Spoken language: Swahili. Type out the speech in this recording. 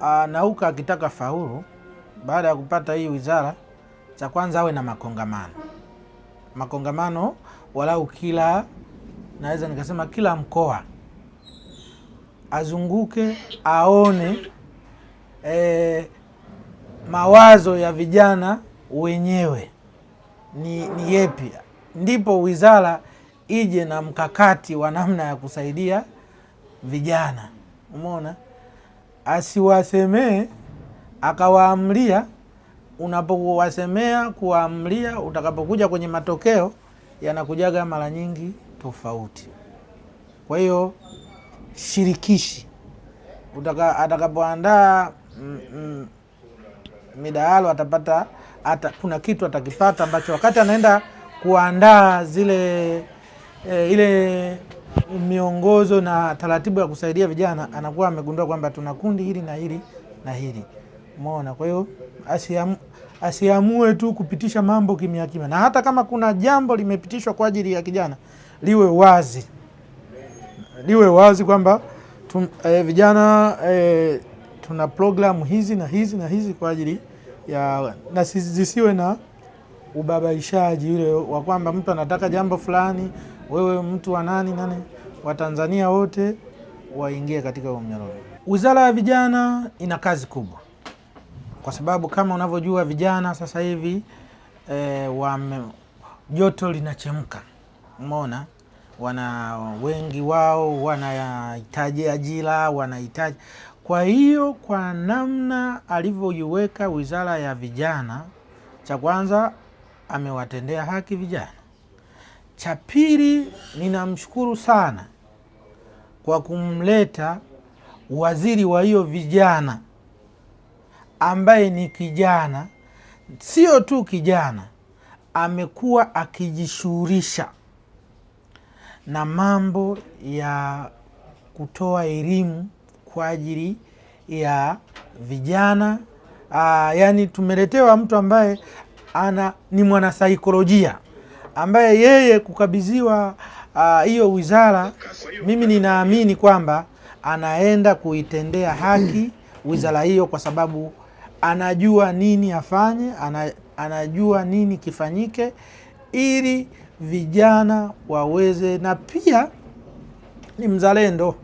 Nauka akitaka faulu baada ya kupata hii wizara, cha kwanza awe na makongamano. Makongamano walau kila, naweza nikasema kila mkoa azunguke aone e, mawazo ya vijana wenyewe ni, ni yepi, ndipo wizara ije na mkakati wa namna ya kusaidia vijana. Umeona? asiwasemee akawaamlia. Unapowasemea kuwaamlia, utakapokuja kwenye matokeo yanakujaga mara nyingi tofauti. Kwa hiyo shirikishi, atakapoandaa mm, mm, midahalo atapata ata, kuna kitu atakipata ambacho wakati anaenda kuandaa zile e, ile miongozo na taratibu ya kusaidia vijana, anakuwa amegundua kwamba tuna kundi hili na hili na hili, umeona. Kwa hiyo asiamue tu kupitisha mambo kimya kimya, na hata kama kuna jambo limepitishwa kwa ajili ya kijana liwe wazi, liwe wazi kwamba eh, vijana eh, tuna programu hizi na hizi na hizi kwa ajili ya na zisiwe na ubabaishaji ule wa kwamba mtu anataka jambo fulani, wewe mtu wa nani nani, Watanzania wote waingie katika huo mnyororo. Wizara ya Vijana ina kazi kubwa, kwa sababu kama unavyojua vijana sasa hivi e, wame joto linachemka, umeona wana wengi wao wanahitaji ajira, wanahitaji. Kwa hiyo kwa namna alivyoiweka wizara ya vijana, cha kwanza amewatendea haki vijana. Cha pili, ninamshukuru sana kwa kumleta waziri wa hiyo vijana ambaye ni kijana, sio tu kijana, amekuwa akijishughulisha na mambo ya kutoa elimu kwa ajili ya vijana. Aa, yani tumeletewa mtu ambaye ana ni mwanasaikolojia ambaye yeye kukabidhiwa ah, hiyo uh, wizara, mimi ninaamini kwamba anaenda kuitendea haki wizara hiyo, kwa sababu anajua nini afanye, anajua nini kifanyike ili vijana waweze, na pia ni mzalendo.